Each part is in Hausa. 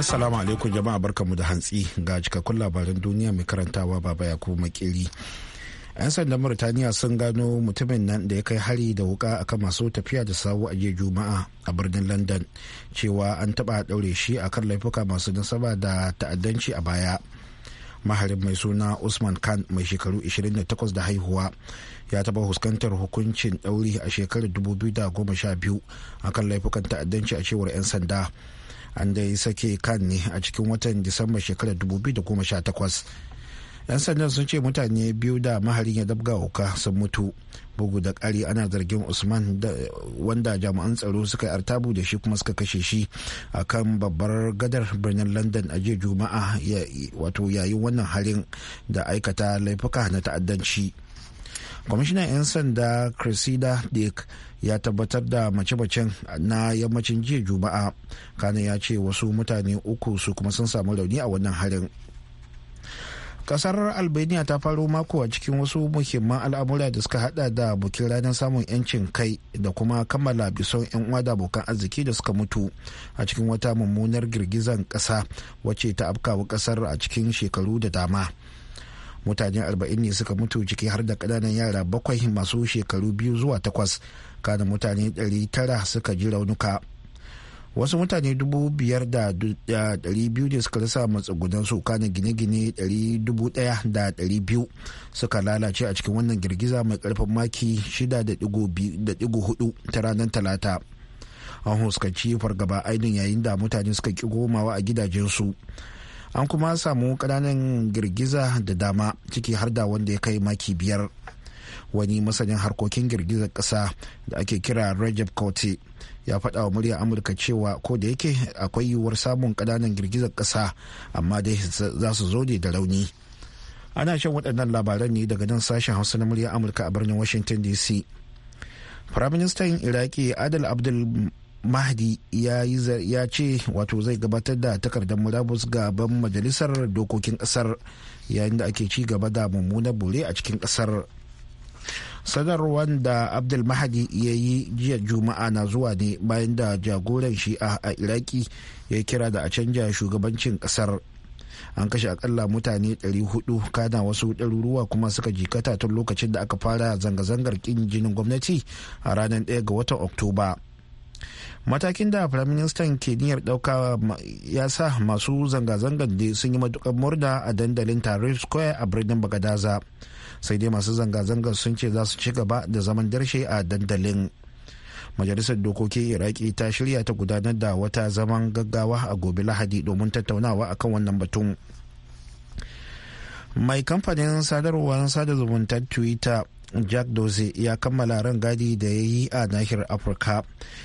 Assalamu alaikum jama'a mu da hantsi ga cikakkun labaran duniya mai karantawa baba ya kuma makili. 'Yan sandan Murtaniya sun gano mutumin nan da ya kai hari da wuka akan masu tafiya da sawu a jiya Juma'a a birnin London cewa an taɓa ɗaure shi a kan laifuka masu nasaba da ta'addanci a baya. maharin mai suna usman khan mai shekaru 28 da haihuwa ya taba fuskantar hukuncin ɗauri a shekarar 2012 kan laifukan ta'addanci a cewar 'yan sanda an dai sake kan ne a cikin watan disamba shekarar 2018 'yan sandan sun ce mutane biyu da maharin ya dabga uka sun mutu bugu da kari ana zargin usman wanda jami'an tsaro suka yi artabu da shi kuma suka kashe shi a kan babbar gadar birnin london a jiya juma'a wato yayin wannan harin da aikata laifuka na ta'addanci. kwamishinan 'yan sanda cressida dick ya tabbatar da mace-macen na yammacin jiya juma'a kana ya ce wasu mutane uku su kuma sun samu rauni a wannan harin kasar albania ta faro mako a cikin wasu muhimman al'amura da suka hada da bukin ranar samun yancin kai da kuma kammala bison yan uwa da abokan arziki da suka mutu a cikin wata mummunar girgizan kasa wacce ta afkawa kasar a cikin shekaru da dama mutane 40 ne suka mutu ciki har da kananan yara bakwai masu shekaru biyu zuwa takwas kana mutane 900 suka ji raunuka wasu mutane 5,200 ne suka rasa su kana gine-gine 1,200 suka lalace a cikin wannan girgiza mai karfin maki 6.4 ta ranar talata an huskanci fargaba ainihin yayin da mutane suka ki gomawa a gidajensu an kuma samu ƙananan girgiza da dama ciki har da wanda ya kai maki biyar wani masanin harkokin girgizar ƙasa da ake kira Rajab kauti ya faɗa wa murya Amurka cewa ko da yake akwai yiwuwar samun kananan girgizar ƙasa amma dai za su zo ne da rauni. Ana shan waɗannan labaran ne daga nan sashen Hausa na murya Amurka a birnin Washington DC. Firaministan Iraki Adal Abdul mahdi ya ce wato zai gabatar da takardar murabus ga ban majalisar dokokin kasar yayin da ake ci gaba da mummunar bore a cikin kasar sanarwar da abdul mahadi ya yi jiya juma'a na zuwa ne bayan da jagoran shi'a a iraki ya kira da a canja shugabancin kasar an kashe akalla mutane 400 kana wasu ɗaruruwa kuma suka jikata tun lokacin da aka fara zanga-zangar kin jinin gwamnati a ranar 1 ga watan oktoba matakin da firaministan ke niyyar ɗauka ya sa masu zanga-zangar da sun yi matukar murna a dandalin tarif square a birnin bagadaza sai dai masu zanga-zangar sun ce za su ci gaba da zaman darshe a dandalin majalisar dokokin iraki ta shirya ta gudanar da wata zaman gaggawa a gobe lahadi domin tattaunawa akan wannan batun mai kamfanin sadarwar sada zumuntar twitter jack doze ya kammala ran gadi da ya yi a nahiyar afirka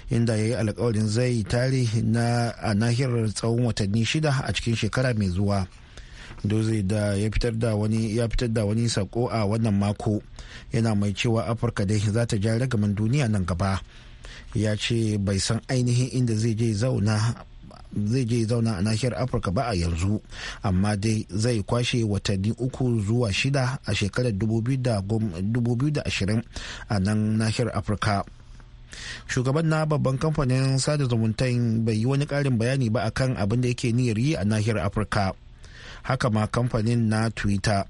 inda ya yi alkawarin zai tare na a nahiyar tsawon watanni shida a cikin shekara mai zuwa doze da ya fitar da wani ya fitar da wani sako a wannan mako yana mai cewa afirka dai za ta ja ragaman duniya nan gaba ya ce bai san ainihin inda zai je zauna zai je zauna a nahiyar afirka ba a yanzu amma dai zai kwashe watanni uku zuwa shida a shekarar 2020 a nan nahiyar afirka shugaban na babban kamfanin sada zumuntan bai yi wani karin bayani ba akan abin da yake niyyar yi a nahiyar afirka haka ma kamfanin na twitter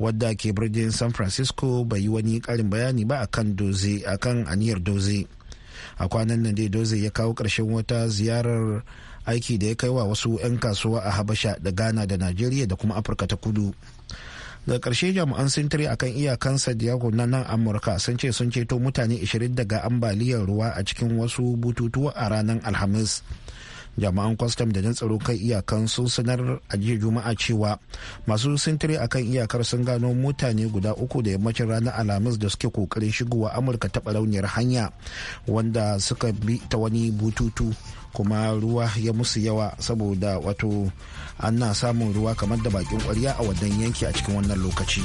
wadda ke birnin san francisco bai yi wani karin bayani ba akan doze akan aniyar doze a kwanan nan dai doze ya kawo ƙarshen wata ziyarar aiki da ya kai wa wasu 'yan kasuwa a habasha da ghana da nigeria da kuma afirka ta kudu daga karshe jami'an sintiri a kan iyakan diego na nan amurka sun ce sun ceto mutane 20 daga ambaliyar ruwa a cikin wasu bututuwa a ranar alhamis jami'an kwastam da na tsaro kan iyakan sun sanar a jiya juma'a cewa masu sintiri a kan iyakar sun gano mutane guda uku da yammacin ranar alhamis da suke kokarin shigowa amurka ta barauniyar hanya wanda suka bi ta wani bututu kuma ruwa ya musu yawa saboda wato ana samun ruwa kamar da bakin kwarya a wannan yanki a cikin wannan lokaci.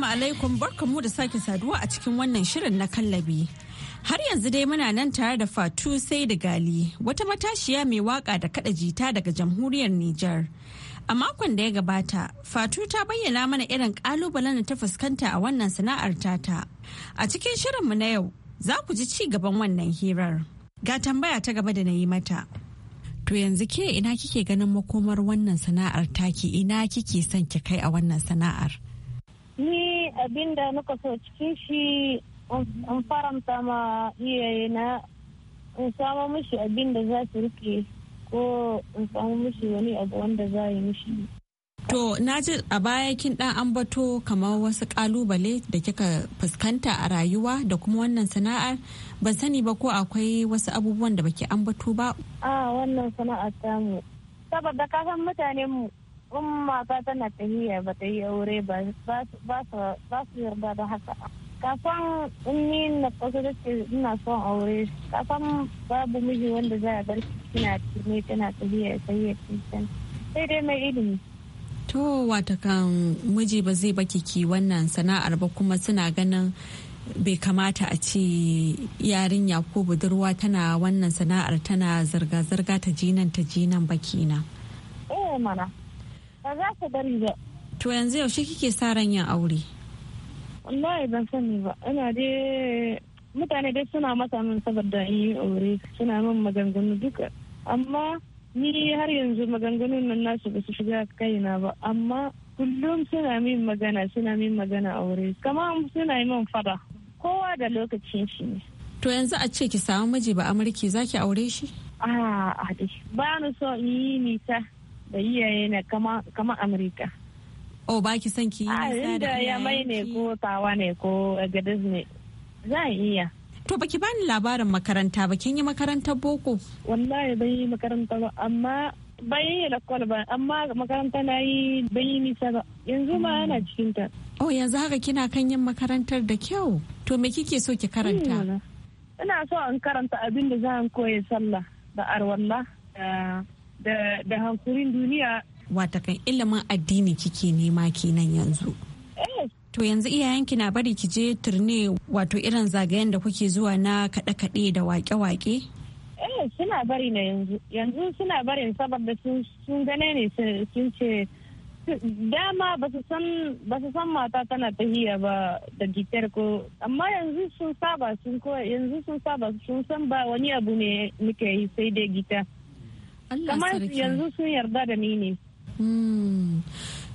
Assalamu alaikum barkamu da sake saduwa a cikin wannan shirin na kallabi. Har yanzu dai muna nan tare da Fatu sai da gali wata matashiya mai waka da kada jita daga jamhuriyar Nijar. A makon da ya gabata, Fatu ta bayyana mana irin kalubalen da ta fuskanta a wannan sana'ar tata. A cikin shirinmu na yau, za ku ji ci gaban wannan hirar. Ga tambaya ta gaba da na yi mata. To yanzu ke ina kike ganin makomar wannan sana'ar taki ina kike son ki kai a wannan sana'ar? ni abinda na so cikin shi an faranta ma iyaye na in samu mishi abinda za su rike ko in samu mishi wani abu wanda za yi mishi To, na ji a baya kin ɗan ambato kamar wasu ƙalubale da kika fuskanta a rayuwa da kuma wannan sana'ar. Ban sani ba ko akwai wasu abubuwan da baki ambato ba? A wannan sana'ar tamu. Saboda kasan mutanen mu in ba tana tahiya ba ta yi aure ba su yarda da haka kafan in ni na kasu da ke ina son aure kafan babu miji wanda za a bar kina tuni tana tahiya sai ya cikin sai dai mai ilimi to wata kan miji ba zai baki ki wannan sana'ar ba kuma suna ganin bai kamata a ce yarinya ko budurwa tana wannan sana'ar tana zirga-zirga ta jinan ta jinan bakina. Eh mana Ba za su bari ba. To yanzu yaushe kike sa ran yin aure? Wallahi ban sani ba. Ina dai mutane dai suna masa min saboda yi aure suna min maganganu duka. Amma ni har yanzu maganganun nan nasu ba su shiga kaina ba. Amma kullum suna min magana suna min magana aure. Kama suna yi min fada. Kowa da lokacin shi ne. To yanzu a ce ki samu miji ba amurki za ki aure shi? A a dai. Ba ni so in yi nisa. da iyayena kama kama amurka oh ba ki son ki yi nisa da ya mai ne ko tawa ne ko gadis ne a iya to baki bani labarin makaranta ba kin yi makarantar boko wallahi ban yi makaranta ba amma ban yi lakwal ba amma makaranta na yi ban yi nisa ba yanzu ma ana hmm. cikin ta oh yanzu haka kina kan yin makarantar da kyau to me kike so ki karanta hmm. ina so in karanta abin da za koya sallah da arwalla da hankulin duniya watakan ilimin addini kike nema kenan yanzu eh. To yanzu iyayenki na bari ki je turne wato irin zagayen da kuke zuwa na kaɗe-kaɗe da waƙe-waƙe? Eh suna bari na yanzu. Yanzu suna bari saboda sun gane ne sun ce dama ba su san mata tana tahiya ba da gitar ko amma yanzu sun saba sun yanzu sun saba sun san ba wani abu ne muke yi sai dai gita. kamar yanzu sun yarda da ni ne hmm.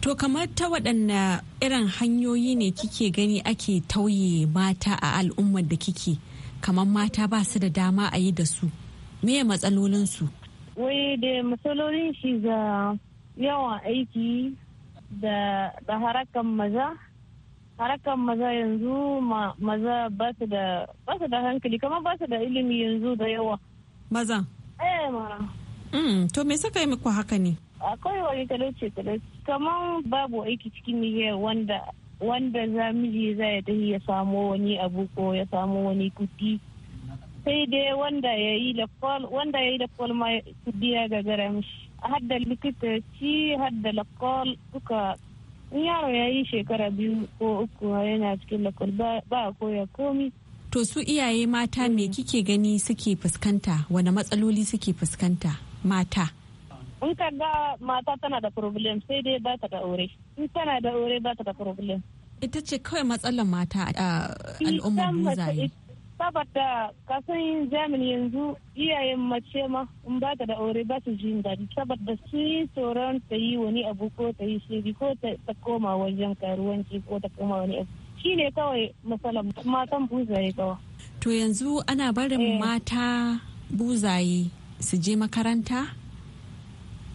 to kamar ta waɗanne irin hanyoyi ne kike gani ake tauye mata a al'ummar da kike kamar mata ba su da dama a yi da su meye matsalolinsu wai da matsalolin shi ga yawan aiki da harakan maza harakan maza yanzu maza ba su da hankali kamar ba su da ilimi yanzu da yawa maza eh mara Mm, to me suka yi muku haka ne? Akwai wani talauci talauci kamar babu aiki cikin niyyar wanda wanda za miji ya tafi ya samo wani abu ko ya samo wani kudi sai dai wanda ya yi lakwal wanda ya yi lakwal ma kudi ya gagara mishi hadda ci hadda lakwal suka in yaro ya yi shekara biyu ko uku yana cikin lakwal ba a koya komi to su iyaye mata me kike gani suke fuskanta wane matsaloli suke fuskanta mata? In ka ga mata tana da problem sai dai ba ta da aure. In tana da aure ba ta da problem. Ita ce kawai matsalar mata a al'ummar buzaye. saboda kasan yin germany yanzu iyayen mace ma in ba ta da aure ba su jin daɗi saboda su yi tsoron ta yi wani abu ko ta yi shiri ko ta koma wajen karuwanci ko ta koma wani abu shi ne kawai matsalar matan buzaye kawai to yanzu ana barin eh. mata buzaye su je makaranta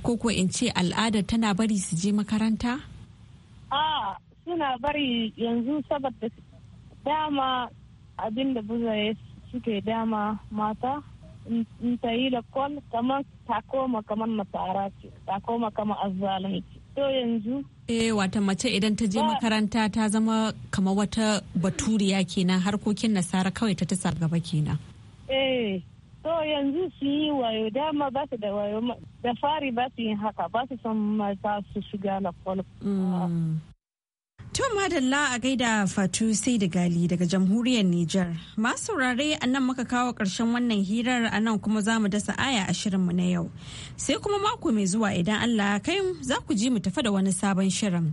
ko ko in ce al'adar tana bari su je makaranta a suna bari yanzu saboda dama abinda ya suke dama mata in ta yi kwal kamar ta koma kamar matara ce ta koma kamar azalin ce to yanzu eh wata mace idan ta je makaranta ta zama kamar wata baturiya kenan harkokin nasara kawai ta tasar gaba kenan eh To yanzu su yi wayo dama ba su da wayo da fari ba su yin haka ba su son mata su shiga na mm. To madalla a gaida Fatu sai da gali daga jamhuriyar Nijar. Masu rare a nan muka kawo ƙarshen wannan hirar a nan kuma za mu dasa aya a mu na yau. Sai kuma mako mai zuwa idan Allah kai za ku ji mu tafa da wani sabon shirin.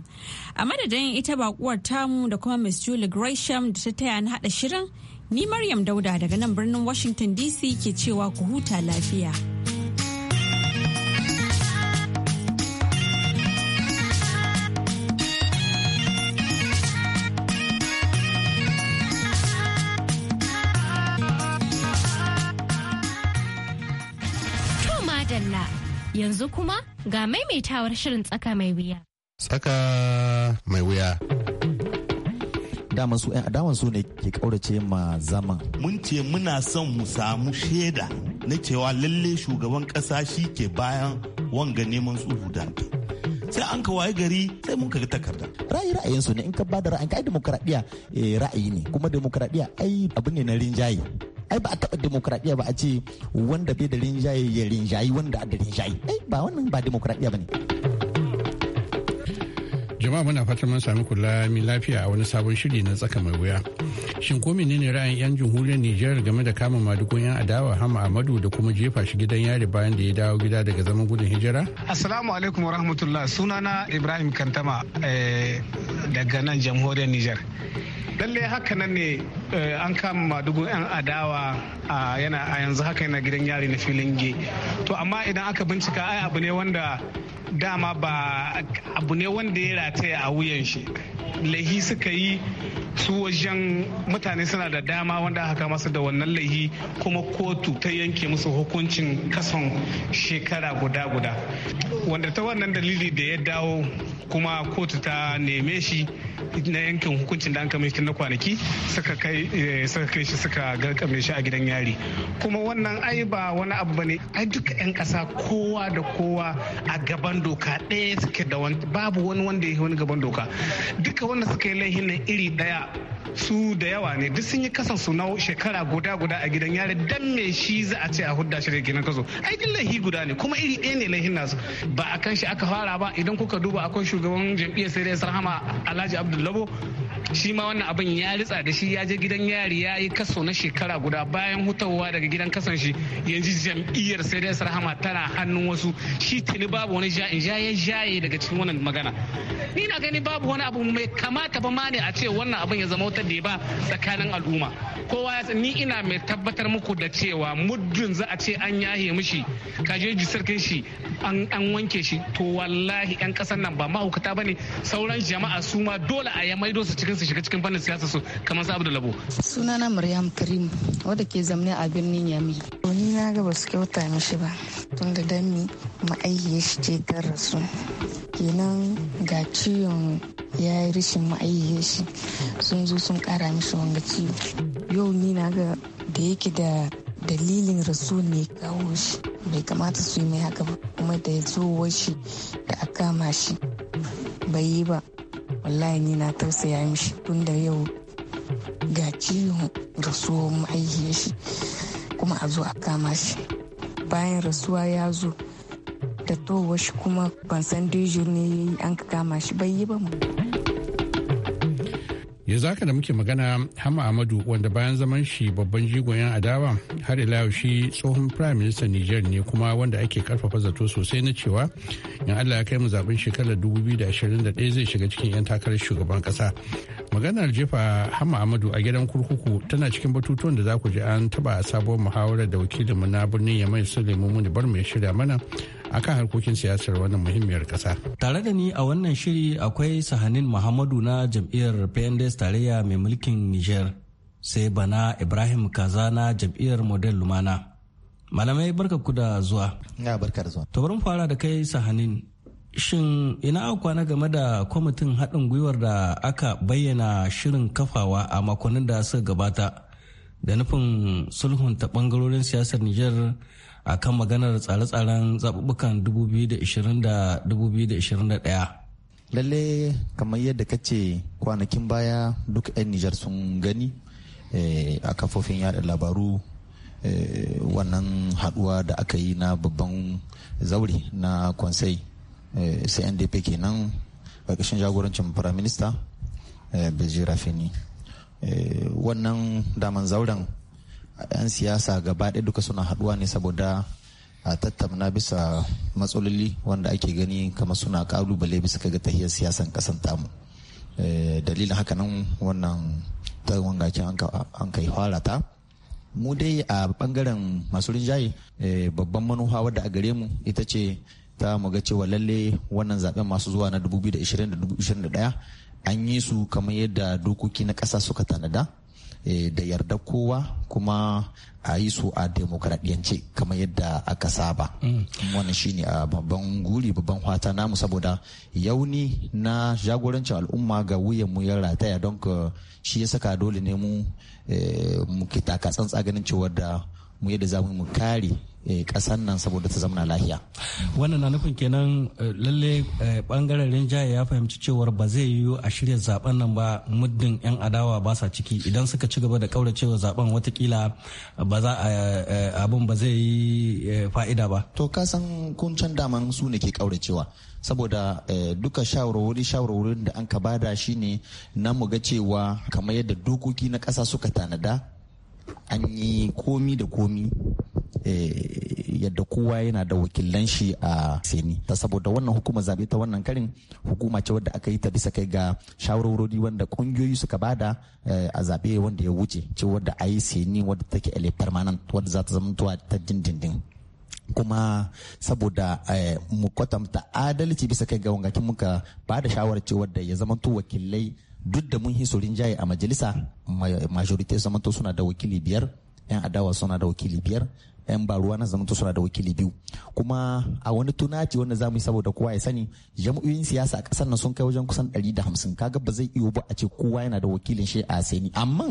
A madadin ita bakuwar tamu da kuma Miss Julie Gresham da ta taya na haɗa shirin. Ni Maryam Dauda daga nan birnin Washington DC ke cewa ku huta lafiya. Yanzu kuma ga maimaitawar shirin tsaka mai wuya. Tsaka mai wuya. dama su 'yan adawan su ne ke kaurace ma zama. Mun ce muna son mu samu shaida na cewa lalle shugaban kasa shi ke bayan wanga neman tsuhu da sai an ka waye gari sai mun kaga takarda ra'ayi ra'ayin su ne in ka ba da ra'ayin ka demokradiya eh, ra'ayi ne kuma demokradiya ai abu ne na rinjaye ai ba a taɓa demokradiya ba a ce wanda bai da rinjaye ya rinjayi wanda a da rinjaye ai ba wannan ba demokradiya ba ne. jama'a muna fatan mun sami kula mai lafiya a wani sabon shiri na tsaka mai wuya shin ko menene ra'ayin yan jamhuriyar Nijar game da kama madugun yan adawa Hama Amadu da kuma jefa shi gidan yari bayan da ya dawo gida daga zaman gudun hijira assalamu alaikum wa rahmatullah sunana Ibrahim Kantama eh, daga nan jamhuriyar Nijar lallai haka nan ne Eh, an kama madugun 'yan adawa a yana a yanzu haka yana gidan yari na filin ge to amma idan aka bincika ai abu ne wanda dama ba abu ne wanda ya rataya a wuyan shi laihi suka yi su wajen mutane suna da dama wanda aka kama da wannan laihi kuma kotu ta yanke musu hukuncin kason shekara guda guda wanda ta wannan dalili da ya dawo kuma kotu ta neme shi na yankin hukuncin da an kame shi na kwanaki suka kai eh, suka kai shi suka garkame shi a gidan yari kuma wannan ai ba wani abu bane ai duka yan kasa kowa da kowa a gaban doka ɗaya suke da wani babu wani wanda ya wani gaban doka duka wanda suka yi laihin nan iri ɗaya su da yawa ne duk sun yi kasan su na shekara guda guda a gidan yari dan me shi za a ce a hudda shi da gidan kaso ai duk laihi guda ne kuma iri ɗaya ne laihin nasu ba a kan shi aka fara ba idan kuka duba akwai shugaban jam'iyyar sai dai sarhama alhaji abdullabo shi ma wannan abin ya ritsa da shi ya je gidan yari ya yi kaso na shekara guda bayan hutawa daga gidan kasan shi yanzu jam'iyyar sai dai rahama tana hannun wasu shi tuni babu wani ja'in ya jaye daga cikin wannan magana ni na gani babu wani abu mai kamata ba ma ne a ce wannan abin ya zama wata da ba tsakanin al'umma kowa ya ni ina mai tabbatar muku da cewa muddin za a ce an yahe mishi kaje sarkin shi an wanke shi to wallahi yan kasan nan ba mahaukata ne sauran jama'a su ma do dole a ya maido cikin su shiga cikin fannin siyasa su kamar su Abdul Labo sunana Maryam Karim wadda ke zamne a birnin Yami to ni na ga basu kyauta mishi ba tun da dami shi ce ta rasu kenan ga ciwon ya yi rashin ma'aikiyar shi sun zo sun kara mishi wanga ciwo yau ni na ga da yake da dalilin rasu ne kawo shi bai kamata su yi mai haka ba kuma da ya zo shi da a kama shi bai yi ba wallahi ni na tausaya mishi tun da yau ga ciwon rasuwar mahaihiyar shi kuma a zo a kama shi bayan rasuwa ya zo da towa shi kuma ban san ne an ka kama shi bai yi ba mu yanzu haka da muke magana hama amadu wanda bayan zaman shi babban jigon yan adawa har ila shi tsohon prime minister niger ne kuma wanda ake karfafa zato sosai na cewa in allah ya kai mu zaben shekarar da ɗaya zai shiga cikin yan takarar shugaban kasa maganar jefa hama amadu a gidan kurkuku tana cikin batutuwan da za ku ji an taba a sabuwar muhawarar da wakilinmu na birnin yamai sulaimu muni bar ya shirya mana akan harkokin siyasar wannan muhimmiyar kasa. Tare da ni a wannan shiri akwai Sahanin Muhammadu na jam'iyyar PNDS tarayya mai mulkin Niger sai bana Ibrahim Kaza na jam'iyyar Model Lumana. Malamai barka ku da zuwa. Ya barka da zuwa. To bari fara da kai Sahanin. Shin ina kwana game da kwamitin haɗin gwiwar da aka bayyana shirin kafawa a makonnin da suka gabata da nufin sulhunta bangarorin siyasar Nijar a akan maganar tsare-tsaren zaɓuɓɓukan 2020 da 2021 lalle kamar yadda ka ce kwanakin baya duk 'yan nijar sun gani eh, a kafofin yada labaru eh, wannan haduwa da aka yi na babban zaure na konsai cndp eh, kenan ƙarƙashin jagorancin firaminista minister bezira fini wannan daman zauren 'yan siyasa gaba ɗaya duka suna haɗuwa ne saboda a tattauna bisa matsaloli wanda ake gani kamar suna kalubale bisa ga tahiyar siyasan ƙasan tamu eh, dalilin haka nan wannan tarwon gakin an kai fara ta mu dai a bangaren masu rinjaye eh, babban manufa wadda a gare mu ita ce ta mu ga cewa lalle wannan zaben masu zuwa na 2021 an yi su kamar yadda dokoki na ƙasa suka tanada Eh, da yarda kowa kuma a yi su a demokradiyance kamar yadda aka saba mm. wannan shine a babban guri babban fata namu saboda yauni na jagorancin al'umma ga wuyan mu ya rataya don shi ya saka dole ne mu Eh, muke taka tsantsa ganin cewa da mu yadda za mu kare kasan eh, nan saboda ta zamana lahiya. wannan na nufin kenan eh, lalle bangaren rinjaye ya fahimci cewar ba zai yiwu a shirya zaben nan ba muddin yan adawa ba sa ciki idan suka ci gaba da ƙauracewa zaben watakila ba za a abin ba zai yi fa'ida ba to kasan kun daman su ne ke kauracewa saboda eh, duka shawarwari shawarwarin da an ka bada ne na mu ga cewa kamar yadda dokoki na kasa suka tanada an yi komi da komi eh, yadda kowa yana da wakilan shi a seni ta saboda wannan hukumar zaɓe ta wannan karin hukuma ce wadda aka yi ta bisa kai ga shawarwarori wanda ƙungiyoyi suka bada eh, a zabe wanda ya wuce ce wadda a yi seni wadda take manan wadda za ta zama ta dindindin kuma saboda eh, mu kwatanta adalci bisa kai ga wangakin muka ba da shawarar cewa da ya zamanto wakilai duk da mun hisorin rinjaye a majalisa majorite zamanto suna da wakili biyar yan adawa suna da wakili biyar yan baruwa na zamanto suna da wakili biyu kuma a wani tunaci wanda za mu yi saboda kowa ya sani jam'iyyoyin siyasa a ƙasar nan sun kai wajen kusan 150 kaga ba zai iyo ba a ce kowa yana da wakilin shi a sani amma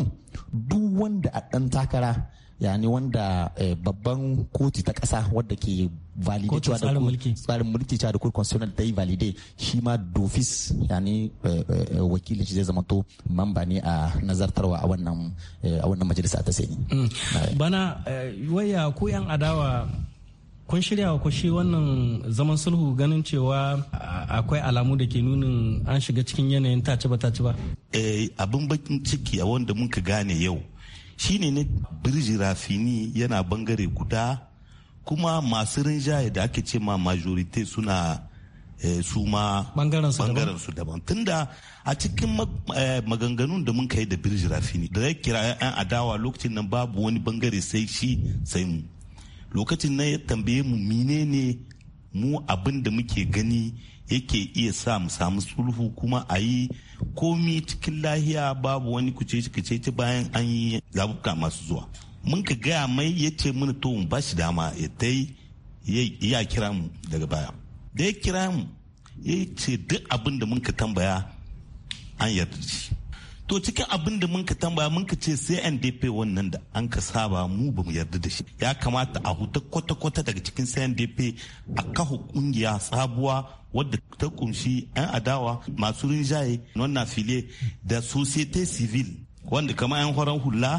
duk wanda a ɗan takara yani wanda eh, babban kotu ta ƙasa wadda ke valide cewa da tsarin mulki cewa da court constitutional ta yi valide shi ma dofis yani eh, eh, wakilin shi zai zama to mamba ne a nazartarwa a wannan a wannan majalisa ta sani mm. bana waya ko yan adawa kun shirya wa shi wannan zaman sulhu ganin cewa akwai alamu da ke nunin an shiga cikin yanayin tace ba tace ba eh abin bakin ciki a wanda muka gane yau shine ne birji rafini yana bangare guda kuma masu rinjaye da ake ce ma majorite suna eh, su ma bangaren su daban tunda a cikin eh, maganganun da mun kai da birji rafini da ya kira 'yan adawa lokacin nan babu wani bangare sai shi sai mu lokacin nan ya tambaye mu menene mu abin da muke gani yake iya sa mu samu sulhu kuma a yi komi cikin lahiya babu wani kuce-kuce bayan an yi zabuka masu zuwa mun ka gaya mai ya ce mana to mu ba shi dama ya ta ya kira mu daga baya da ya kira mu ya ce duk abin da mun ka tambaya an yarda shi to cikin abin da mun ka tambaya mun ka ce CNDP wannan da an ka saba mu ba mu yarda da shi ya kamata a huta kwata-kwata daga cikin CNDP a kahu kungiya sabuwa wadda ta kunshi 'yan adawa masu rinjaye wannan file da societe civil wanda kama 'yan horon hula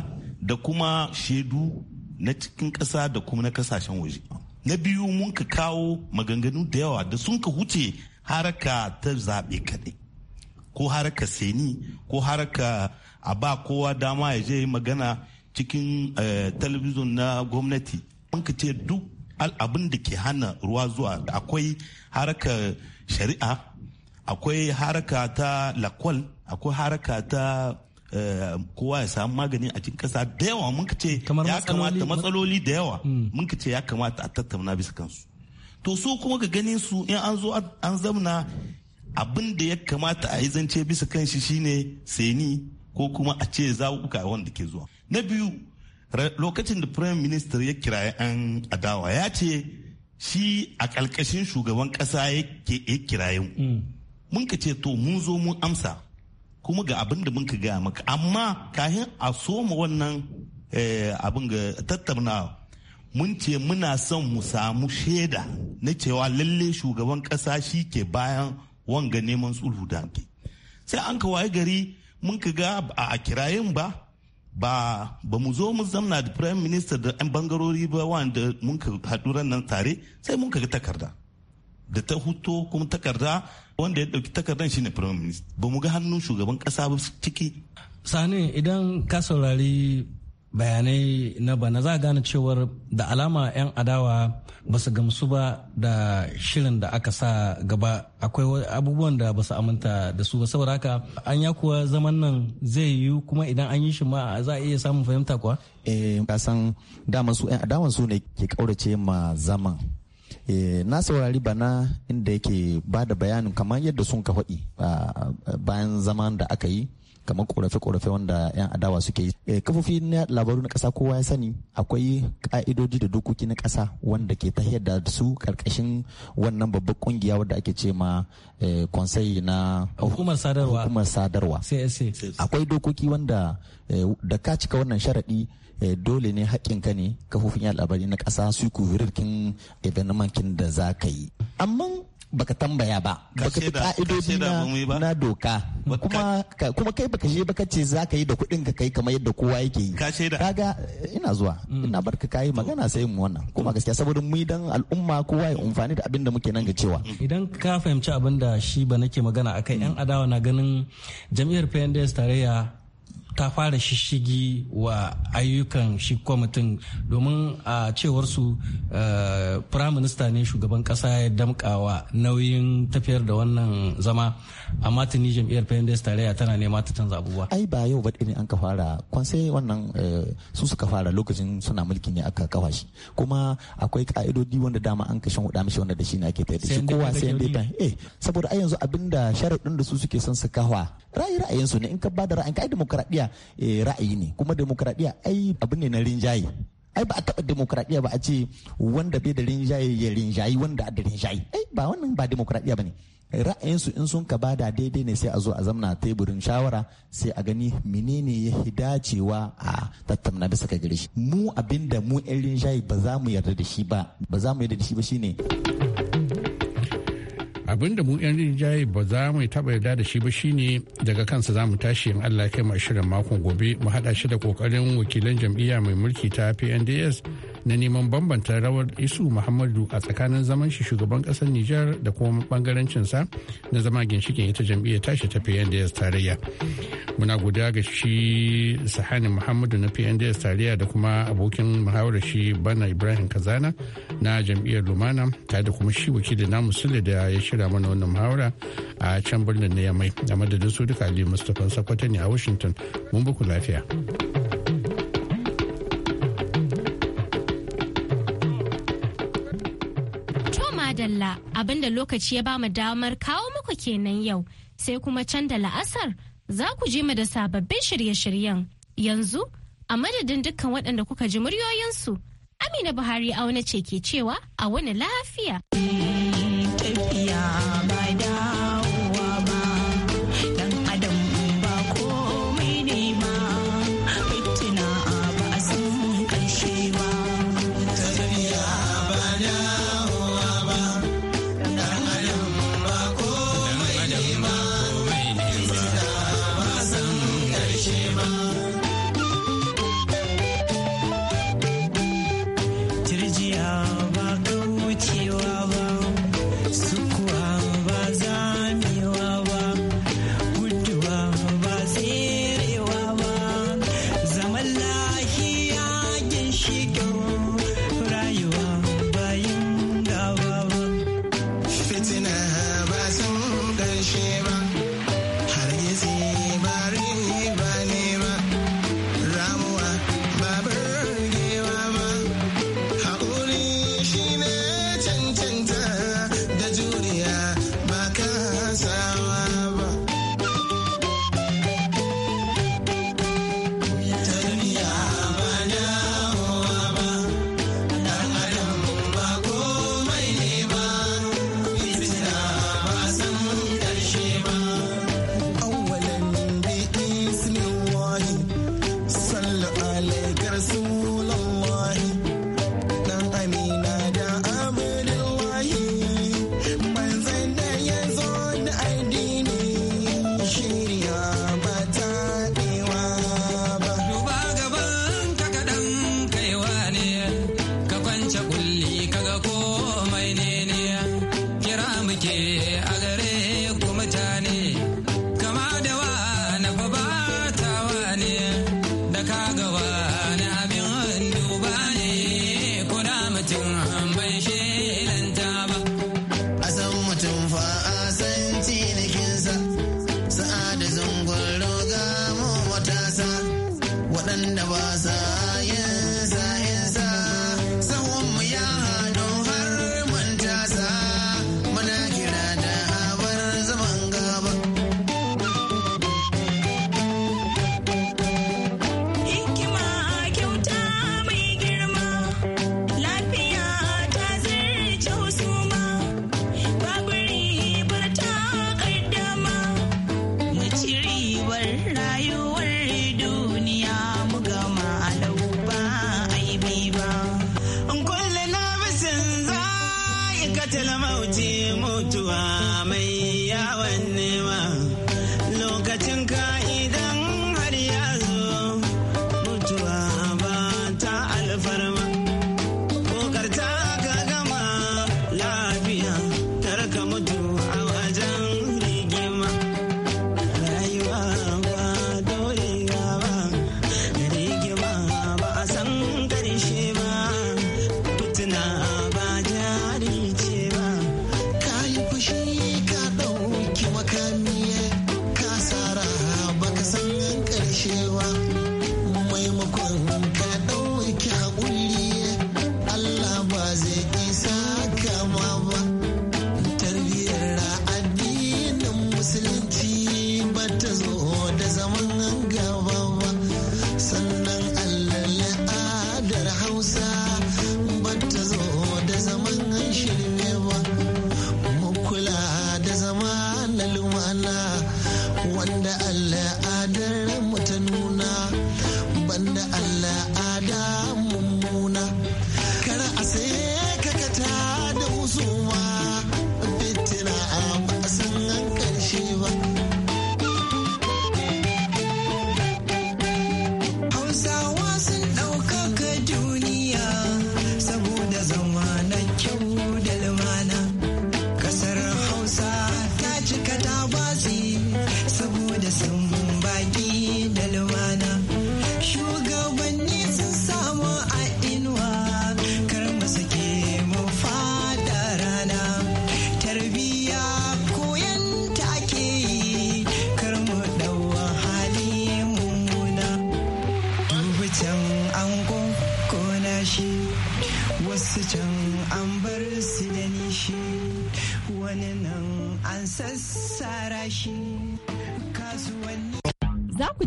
da kuma shaidu na cikin ƙasa da kuma na kasashen waje na biyu mun ka kawo maganganu da yawa da sun ka huce haraka ta zaɓe kaɗai ko haraka seni ko haraka a ba kowa dama ya je magana cikin eh, talabijin na gwamnati an ka ce duk abin da ke hana ruwa zuwa akwai haraka shari'a akwai haraka ta lakwal akwai haraka ta eh, kowa ya samu magani a cikin kasa da yawa mun ce ya kamata matsaloli da yawa mm. mun ce ya kamata a tattauna bisa kansu to su kuma ga ganin su in an zo an zamna abin da ya kamata a yi zance bisa kan shi shine seni ko kuma a ce zaɓuɓɓuka wanda ke zuwa na biyu lokacin da prime minister ya kira yan adawa ya ce shi a ƙalƙashin shugaban ƙasa yake ya kiraye mu mm. mun ka ce to mun zo mun amsa kuma ga abin da mun ka gaya maka amma kahin a soma wannan eh, abin ga tattaunawa mun ce muna son mu samu shaida na cewa lalle shugaban ƙasa shi ke bayan wanga neman sulhu da hanke sai an ka waye gari mun ka ga a kirayen ba ba ba mu zo mu zamna da prime minister da yan bangarori ba wanda mun ka haɗu nan tare sai mun ka ga takarda da ta huto kuma takarda wanda ya ɗauki takardan shine prime minister ba mu ga hannun shugaban kasa ba ciki sani idan ka saurari bayanai na bana za a gane cewar da alama 'yan adawa ba su gamsu ba da shirin da aka sa gaba akwai abubuwan da ba su aminta da su ba saboda haka an ya kuwa zaman nan zai yi kuma idan an yi shi ma za a iya samun fahimta kuwa eh san daman su 'yan adawan su ne ke kaurace ma zaman eh, na saurari bana inda yake ba da bayanin kamar yadda sun ka faɗi ah, bayan zaman da aka yi kamar korafe-korafe wanda 'yan adawa suke yi eh, kafofi na labaru na ƙasa kowa ya sani akwai ka'idoji da dokoki na ƙasa wanda ke ta da su karkashin wannan babbar kungiya wadda ake ce ma eh, konsai na hukumar sadarwa hukumar sadarwa akwai dokoki wanda eh, da ka cika wannan sharaɗi dole ne haƙƙinka ne kafofin yan labari na ƙasa su kuvirirkin kin da za ka yi amma baka tambaya ba baka bi ka'idodi na doka kuma kai baka je baka ce za ka yi da kuɗin ka kai kamar yadda kowa yake yi kaga ina zuwa mm. ina barka kayi magana sai mu wannan kuma gaskiya saboda mu dan al'umma kowa ya amfani da abin da muke nan ga cewa mm. idan ka fahimci abin da shi ba nake magana akai mm. yan adawa na ganin jam'iyyar PNDS tarayya ta fara shishigi wa ayyukan shi kwamitin domin a cewar su prime minister ne shugaban kasa ya damkawa nauyin tafiyar da wannan zama amma tuni jam'iyyar pendes tarayya tana nema ta canza abubuwa ai ba yau ba ne an ka fara kwansai wannan e, su suka fara lokacin suna mulki ne aka kafa shi kuma akwai ka'idodi wanda dama an kashin huda mishi wanda da shi ne ake tayar da shi kowa sai dai ta eh saboda ai yanzu abinda sharaɗin da su suke son su kawa ra'ayi su ne in ka ba da ra'ayin ka ai demokradiya Eh, ra'ayi ne kuma demokradiya ai abu ne na rinjaye ai ba a taba demokradiya ba a ce wanda bai da rinjaye ya rinjayi wanda a da rinjaye ai ba wannan ba demokradiya ba ne ra'ayinsu in sun ka bada daidai ne sai a zo a zamna teburin shawara sai a gani menene ya dacewa a tattauna bisa ka gare shi mu abinda mu 'yan rinjaye ba za mu yarda da shi ba ba za mu yarda da shi ba shine abin da mu yan rinjaye ba za mu taɓa yarda da shi ba shine daga kansa za mu tashi in allah kai mu shirin mako gobe mu haɗa shi da kokarin wakilan jam'iyya mai mulki ta pnds na neman bambanta rawar isu muhammadu a tsakanin zaman shi shugaban ƙasar nijar da kuma bangarancinsa na zama ginshikin ita jam'iyyar tashi ta pnds tarayya muna guda ga shi sahani muhammadu na pnds tarayya da kuma abokin muhawarar shi bana ibrahim kazana na jam'iyyar lumana tare da kuma shi wakili namu sule da ya shirya shirya mana wannan muhawara a can birnin na yamai a madadin su duka ali mustapha sakwata ne a washington mun buku lafiya madalla abinda lokaci ya bamu damar kawo muku kenan yau sai kuma can da la'asar za ku je mu da sababbin shirye-shiryen yanzu a madadin dukkan waɗanda kuka ji muryoyinsu amina buhari auna ce ke cewa a wani lafiya. down.